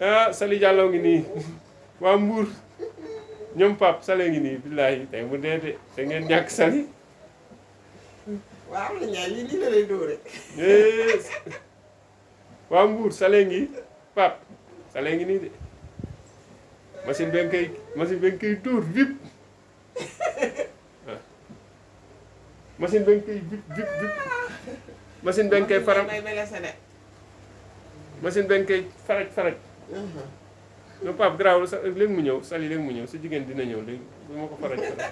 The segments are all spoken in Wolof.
ah Sali Diallo ngi nii waa Mbour ñoom Pape Sali ngi nii billaahi ngeen ñàkk Sali. waaw am na lii nii la lay dóore. waa Mbour Sali ngi Pape Sali ngi nii de machine benn kay machine benn kay dóor vip ah. machine benn kay vip vip vip machine benn kay Uh-huh. no Pape garaawul léegi mu ñëw sali léegi mu ñëw sa jigéen dina ñëw léegi bu ma ko faral di faral.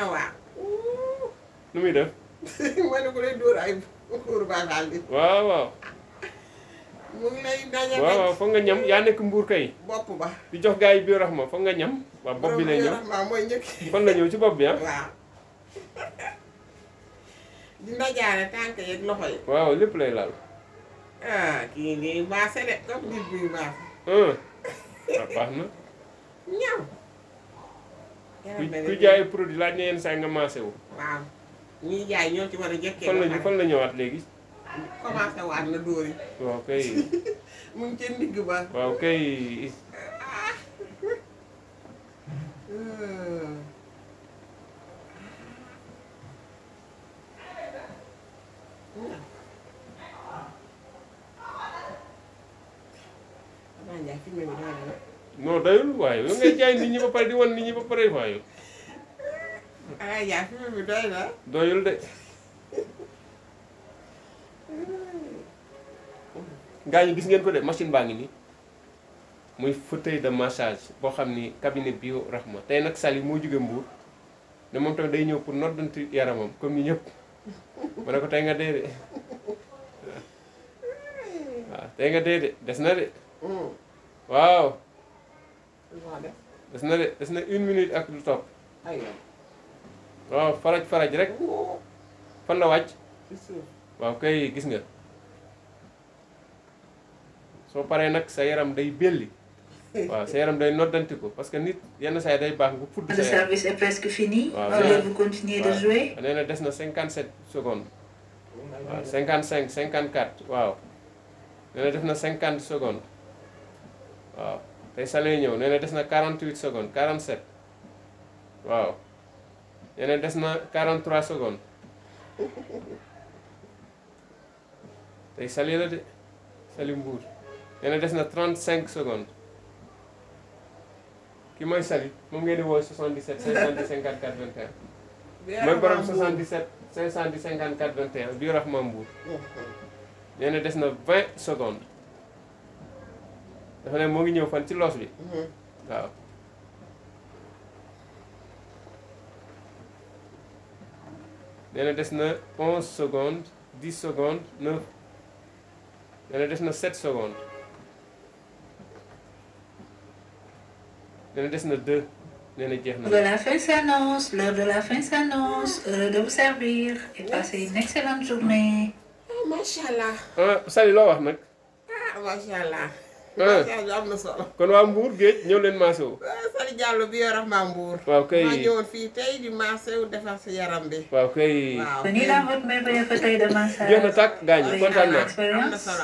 na waar. nu muy def. ma ne ko lay dóor ay mbuur basaal bi. waaw waaw. foog nga ñam yaa nekk mbuur kay. bopp ba di jox gars yi biorahma foog nga ñam. waaw bopp bi lay ñëw biorahma mooy ñëw ci bopp bi ah. di ndajaale tànk yeeg loxo yi. waaw lépp lay laal. ah kii nii maase de comme nit buy maase. ah baax na. ñaw. ku jaay produit laaj na yenn saa nga maase wu. waaw ñuy jaay ñoo ci war a jëkkee. fan la fan la ñëwaat léegi. commencé waat na dóor yi. waaw kay. Ndiaye filmé bi doy na waaye yow ngay jaay nit ñi ba pare di wan nit ñi ba pare waaye. Ah, de. gaa ñi gis ngeen ko de machine baa ngi nii muy fauteuil de massage boo xam ni cabinet bio rahma tey nag Sali moo jóge Mbour ne moom tamit day ñëw pour noddanti yaramam comme ni ñëpp ma ne ko tey nga dee de waaw nga dee de des na de. Mm. waaw. des na de des na une minute ak lu topp. waaw faraj faraj rek fan la wàcc. waaw kay gis nga. soo paree nag sa yaram day belli. waaw sa yaram day noddanti ko parce que nit yenn saa yi day baax nga fudd. sa yaram service est presque fini. waaw nee na des na cinquante 57 secondes. cinq cinquante 54 waaw. nee na def na cinquante secondes. waaw tey Salé ñëw nee na des na 48 secondes 47 waaw nee des na 43 secondes tey Salé la de Salé Mbuur nee des na 35 secondes ki mooy Salé moom ngeen di woo 77 517 54 21. mooy borom 77 517 54 21 bii Rahma Mbuur oh, oh. nee des na 20 secondes. dafa ne moo ngi ñëw fan ci loos bi mhm. waaw nee des na onze secondes dix secondes neuf nee na des na sept secondes nee des na deux nee jeex na. de la fin s'annonce l'heure de la fin s'annonce heureux de vous servir et passez une excellente journée. Ah, macha ah, Sali loo wax nag. ah macha Eh. am na solo kon waa Mbour géej ñëw leen maase wu eh, Sali Diallo bi yoram maa Mbour waaw kay fii tey di maase wu defar yaram bi waaw kay nii na tàkk gaañ kontaan naa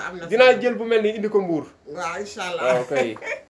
am na dinaa jël bu mel ni indi ko Mbour waaw incha allah waaw kay